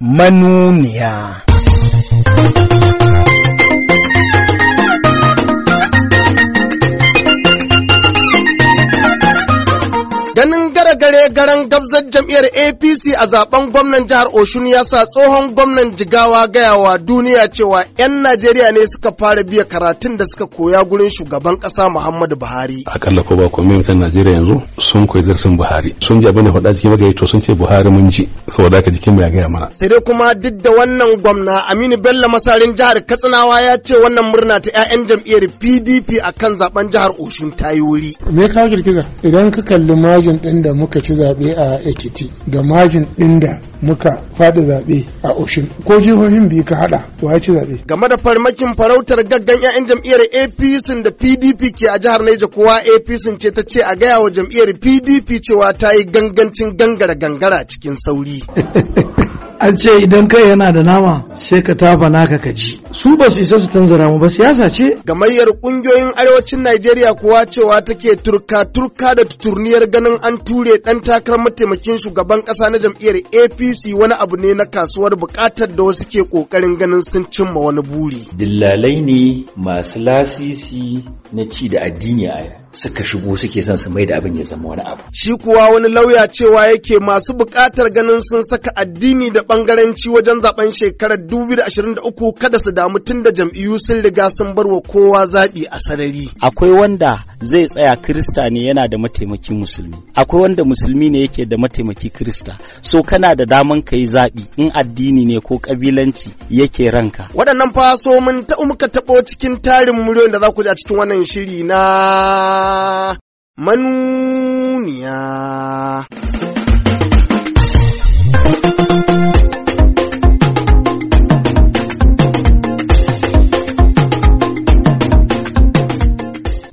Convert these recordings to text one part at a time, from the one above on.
manuniya. Ganin gara gare garan gabzar jam'iyyar APC a zaben gwamnan jihar Oshun ya sa tsohon gwamnan Jigawa gaya wa duniya cewa 'yan Najeriya ne suka fara biya karatun da suka koya gurin shugaban kasa Muhammadu Buhari. Akalla ko ba komai mutan Najeriya yanzu sun koyi darsin Buhari. Sun ji abin da faɗa cikin magayi to sun ce Buhari mun ji saboda haka jikin ya gaya mana. Sai dai kuma duk da wannan gwamna Aminu Bello Masarin jihar Katsinawa ya ce wannan murna ta 'ya'yan jam'iyyar PDP akan zaben jihar Oshun ta yi wuri. Me ka kawo girgiza? Idan ka kalli maji majin ɗin da muka ci zaɓe a ekiti da majin ɗin da muka faɗi zaɓe a oshin ko jihohin biyu ka haɗa wa ci zaɓe. game da farmakin farautar gaggan 'ya'yan jam'iyyar apc da pdp ke a jihar naija kowa apc ce ta ce a gaya wa jam'iyyar pdp cewa ta yi gangancin gangara gangara cikin sauri. an ce idan kai yana da nama sai ka tafa naka ka ji su ba su isa su tanzara mu ba siyasa ce gamayyar kungiyoyin arewacin Najeriya kuwa cewa take turka turka da tuturniyar ganin an ture dan takarar mataimakin shugaban kasa na jam'iyyar APC wani abu ne na kasuwar bukatar da wasu ke kokarin ganin sun cimma wani buri dillalai ne masu lasisi na ci da addini a suka shigo suke son su mai da abin ya zama wani abu shi kuwa wani lauya cewa yake masu bukatar ganin sun saka addini da bangaranci wajen zaben shekarar 2023 kada su damu tun da jam'iyyu sun riga sun bar wa kowa zaɓi a sarari. Akwai wanda zai tsaya Kirista ne yana da mataimaki musulmi. Akwai wanda musulmi ne yake da mataimaki Kirista. So kana da daman ka yi zaɓi in addini ne ko ƙabilanci yake ranka. Waɗannan faso mun taɓa muka taɓo cikin tarin muryoyin da za ku ji a cikin wannan shiri na manuniya.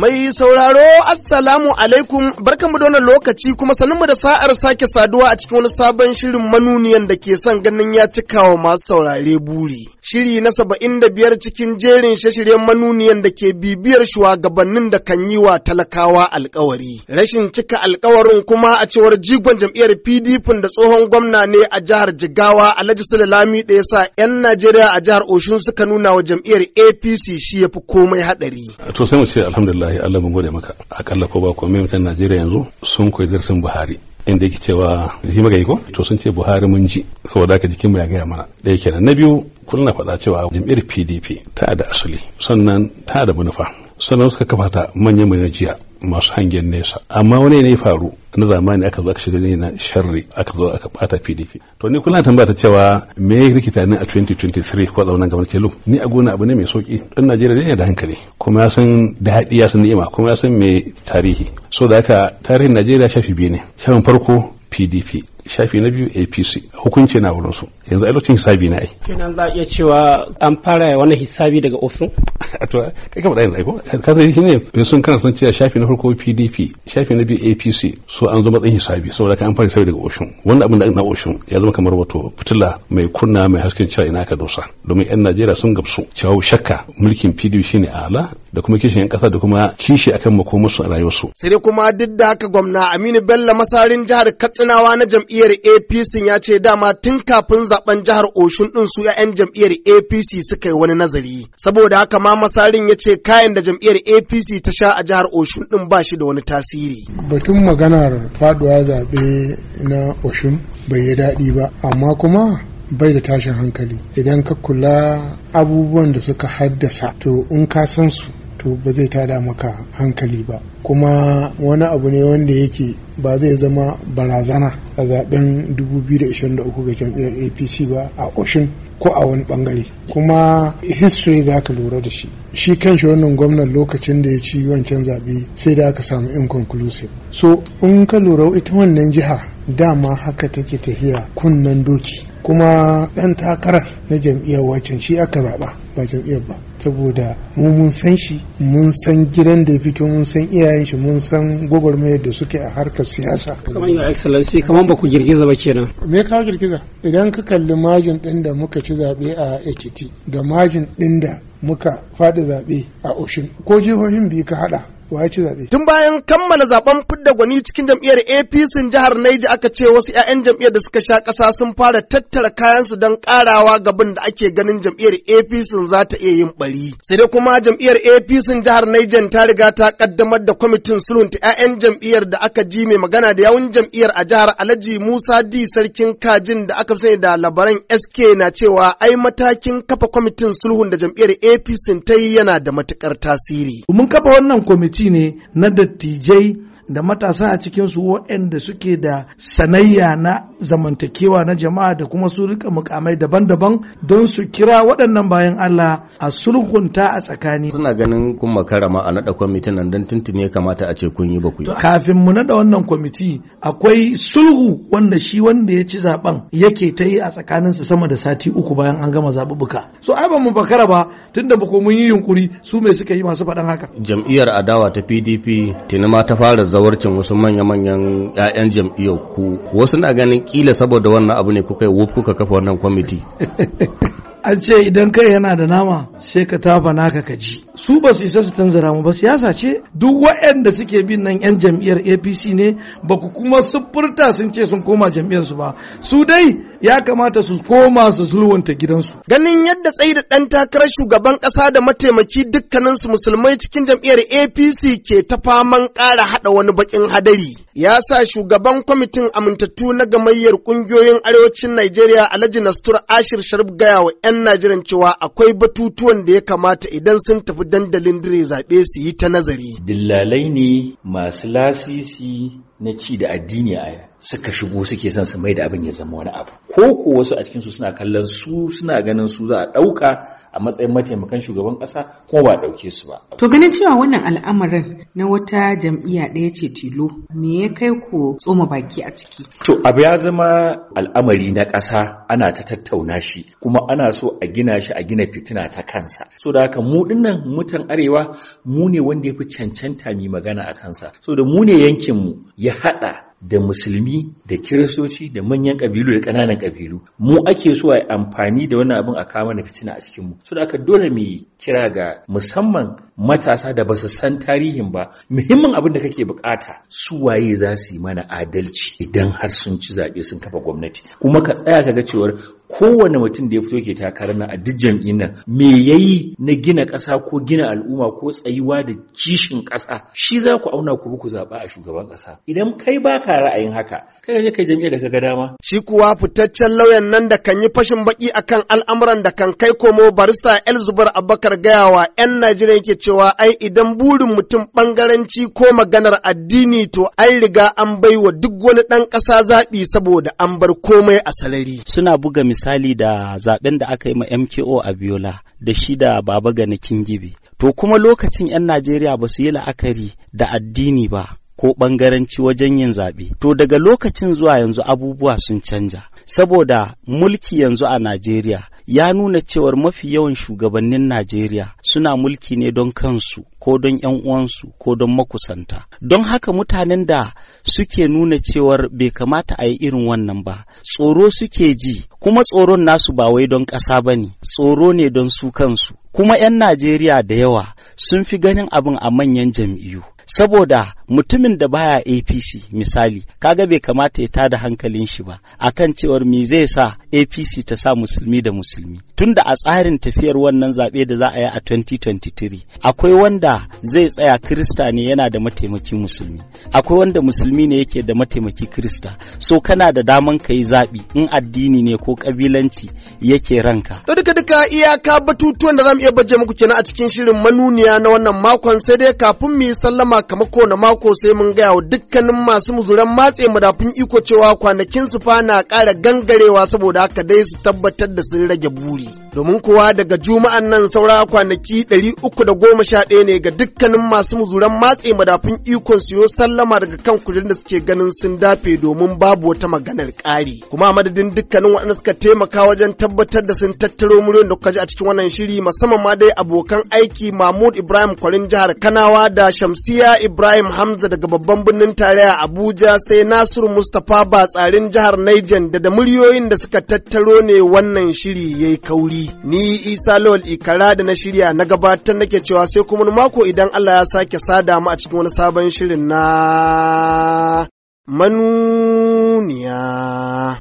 Mai sauraro Assalamu alaikum barkanmu da wannan lokaci kuma mu da sa'ar sake saduwa a cikin wani sabon shirin manuniyan da ke son ganin ya cika wa masu saurare buri. Shiri na saba'in da biyar cikin jerin shashiryen manuniyan da ke bibiyar shugabannin da kan yi wa talakawa alkawari. Rashin cika alkawarin kuma a cewar jigon jam'iyyar PDP da tsohon gwamna ne a jihar Jigawa Alhaji Sulalami da ya sa 'yan Najeriya a jihar Oshun suka nuna wa jam'iyyar APC shi ya fi komai haɗari. To mu ce alhamdulillah alhamdulillah Allah mun gode maka akalla ko ba mai mutan Najeriya yanzu sun koyi darsin Buhari inda yake cewa shi maka ko to sun ce Buhari mun ji saboda haka jikin mu ya gaya mana da yake na biyu kullun faɗa cewa jam'iyyar PDP ta da asali sannan ta da manufa sannan suka kafa ta manyan jiya masu hangen nesa amma wani ne faru na zamani aka zo aka shiga ne na sharri aka zo aka bata PDP to ni kullum tambaya ta cewa me yake rikita ni a 2023 ko zaunan gaban Kelo ni a gona abu ne mai sauki dan Najeriya ne da hankali kuma ya san daɗi ya san ni'ima kuma ya san me tarihi so da haka tarihin Najeriya shafi biyu ne shafin farko PDP shafi na biyu apc hukunci na wurin su yanzu a lokacin hisabi na ai kenan za a iya cewa an fara wani hisabi daga osun to kai ka faɗa yanzu aiko ka sai shine sun kana sun cewa shafi na farko pdp shafi na biyu apc so an zo matsayin hisabi saboda ka an fara hisabi daga osun wanda abin da na osun ya zama kamar wato fitila mai kunna mai hasken cewa ina ka dosa domin yan najeriya sun gabsu. cewa shakka mulkin pdp shine ala da kuma kishin yan ƙasa da kuma kishi akan makomarsu a rayuwarsu. Sai kuma duk da haka gwamna Aminu Bello masarin jihar Katsinawa na jam'iyyar APC ya ce dama tun kafin zaben jihar Oshun din su yan jam'iyyar APC suka yi wani nazari. Saboda haka ma masarin ya ce kayan da jam'iyyar APC ta sha a jihar Oshun din ba shi da wani tasiri. Batun maganar faduwa zaɓe na Oshun bai yi daɗi ba amma kuma bai da tashin hankali idan ka kula abubuwan da suka haddasa to in ka san su to ba zai tada maka hankali ba kuma wani abu ne wanda yake ba zai zama barazana a zaben 2023 ga jam'iyyar apc ba a oshin ko a wani bangare kuma history za ka lura da shi shi kanshi wannan gwamnan lokacin da ya ci wancan zaɓe sai da aka samu inconclusive so in ka lura ita wannan jiha dama haka take tafiya kunnen doki kuma ɗan takarar na jam'iyyar wacin shi aka zaɓa ba jam'iyyar ba saboda mu mun san shi mun san gidan da ya fito mun san iyayen shi mun san gwagwarmayar da suke a harkar siyasa kamar yi excellency kamar ba ku girgiza ba kenan me kawo girgiza idan ka kalli majin din da muka ci zaɓe a ekiti da majin din da muka faɗi zaɓe a oshin ko jihohin biyu ka haɗa wa ci Tun bayan kammala zaben fidda gwani cikin jam'iyyar APC jihar Naija aka ce wasu ƴaƴan jam'iyyar da suka sha ƙasa sun fara tattara kayansu don ƙarawa gaban da ake ganin jam'iyyar APC za ta iya yin bari. Sai dai kuma jam'iyyar APC jihar Naija ta riga ta kaddamar da kwamitin sulhunta ƴaƴan jam'iyyar da aka ji mai magana da yawun jam'iyyar a jihar Alhaji Musa D sarkin kajin da aka sani da labaran SK na cewa ai matakin kafa kwamitin sulhun da jam'iyyar APC ta yi yana da matukar tasiri. Mun kafa wannan kwamiti ne na dattijai da matasa a cikinsu waɗanda suke da sanayya na zamantakewa na jama'a da kuma su rika mukamai daban-daban don su kira waɗannan bayan Allah a sulhunta a tsakani. Suna ganin kun makara ma a naɗa kwamitin nan don tuntuni ya kamata a ce kun yi ba ku yi. Kafin mu naɗa wannan kwamiti akwai sulhu wanda shi wanda ya ci zaɓen yake ta yi a tsakaninsu sama da sati uku bayan an gama zaɓuɓɓuka. So ai ba mu bakara ba tunda ba ko mun yi yunkuri su me suka yi masu faɗan haka. Jam'iyyar adawa ta PDP tinima ta fara zawarcin wasu manya-manyan 'ya'yan jam'iyyar ku wasu na ganin kila saboda wannan abu ne kuka yi kuka kafa wannan kwamiti an ce idan kai yana da nama sai ka tafa naka ka ji su ba su isa su tanzara mu ba siyasa ce duk waɗanda suke bin nan yan jam'iyyar APC ne ba ku kuma sufurta sun ce sun koma jam'iyyar su ba su dai ya kamata su koma su sulwanta gidansu ganin yadda tsayi da ɗan takarar shugaban ƙasa da mataimaki dukkanin su musulmai cikin jam'iyyar APC ke ta faman ƙara haɗa wani bakin hadari ya sa shugaban kwamitin amintattu na gamayyar ƙungiyoyin arewacin Najeriya Alhaji Nastur Ashir Sharif gaya wa 'yan na jiran cewa akwai batutuwan da ya kamata idan sun tafi dandalin dire zaɓe su yi ta nazari. Dillalai ne masu lasisi na ci da addini a suka shigo suke son su mai da abin ya zama wani abu ko ko wasu a cikinsu suna kallon su suna ganin su za a ɗauka a matsayin mataimakan shugaban ƙasa ko ba dauke ɗauke su ba. To ganin cewa wannan al'amarin na wata jam'iyya ɗaya ce tilo me ya kai ku tsoma baki a ciki? To abu ya zama al'amari na kasa ana ta tattauna shi kuma ana so a gina shi a gina fitina ta kansa. So da haka mu dinnan mutan arewa mu ne wanda ya fi cancanta mi magana a kansa. So da mu ne yankin mu ya haɗa da musulmi da kiristoci da manyan ƙabilu da ƙananan ƙabilu mu ake so a amfani da wannan abin a kama na fitina a cikinmu so da aka dole mu kira ga musamman matasa da ba su san tarihin ba muhimmin abin da kake bukata su waye za su yi mana adalci idan har sun ci zaɓe sun kafa gwamnati kuma ka tsaya ka ga cewar kowane mutum da ya fito ke takara na a duk jami'in nan me yayi na gina ƙasa ko gina al'umma ko tsayuwa da kishin ƙasa shi za ku auna ku ku zaɓa a shugaban ƙasa idan kai ba ka ra'ayin haka kai ne kai jami'in da ga dama shi kuwa fitaccen lauyan nan da kan yi fashin baki akan al'amuran da kan kai komo barista Elzubar Abubakar gayawa 'yan Najeriya yake cewa ai idan burin mutum bangaranci ko maganar addini to ai riga an baiwa duk wani ɗan ƙasa zaɓi saboda an bar komai a salari suna buga misali da zaben da aka yi ma MKO a Biola da shi da Baba Gani Kingibe. To kuma lokacin 'yan Najeriya ba su yi la'akari da addini ba ko ɓangaranci wajen yin zaɓe. To daga lokacin zuwa yanzu abubuwa sun canja. Saboda mulki yanzu a Najeriya ya nuna cewar mafi yawan shugabannin Najeriya suna mulki ne don kansu ko don ‘yan uwansu ko don makusanta. Don haka mutanen da suke nuna cewar bai kamata a yi irin wannan ba, tsoro suke ji, kuma tsoron nasu ba wai don ƙasa ba ne, tsoro ne don su kansu. kuma 'yan Najeriya da yawa sun fi ganin abin a manyan jam'iyyu. Saboda mutumin da baya APC misali, kaga bai kamata ya tada hankalin shi ba, akan cewar me zai sa APC ta sa musulmi da musulmi. Tunda a tsarin tafiyar wannan zaɓe da za a yi a 2023, akwai wanda zai tsaya Kirista ne yana da mataimaki musulmi, akwai wanda musulmi ne yake da mataimaki Kirista. So kana da daman ka yi zaɓi in addini ne ko ƙabilanci yake ranka. duka duka iyaka batutuwan da zamu iya baje muku kenan a cikin shirin manuniya na wannan makon sai dai kafin mu yi sallama kama na mako sai mun gaya wa dukkanin masu muzuran matse madafin iko cewa kwanakin su fa na ƙara gangarewa saboda haka dai su tabbatar da sun rage buri. Domin kuwa daga juma'an nan saura kwanaki ɗari uku da goma sha ɗaya ne ga dukkanin masu muzuran matse madafin iko su yo sallama daga kan kujerin da suke ganin sun dafe domin babu wata maganar ƙari. Kuma madadin dukkanin waɗanda suka taimaka wajen tabbatar da sun tattaro muryoyin da kuka ji a cikin wannan shiri musamman musamman ma dai abokan aiki Mahmud Ibrahim Kwarin jihar Kanawa da Shamsiya Ibrahim Hamza daga babban birnin tarayya Abuja sai Nasiru Mustapha tsarin jihar Niger da da muryoyin da suka tattaro ne wannan shiri yayi kauri. Ni Isa Lawal Ikara da na shirya na gabatar nake cewa sai kuma mako idan Allah ya sake sada mu a cikin wani sabon shirin na manuniya.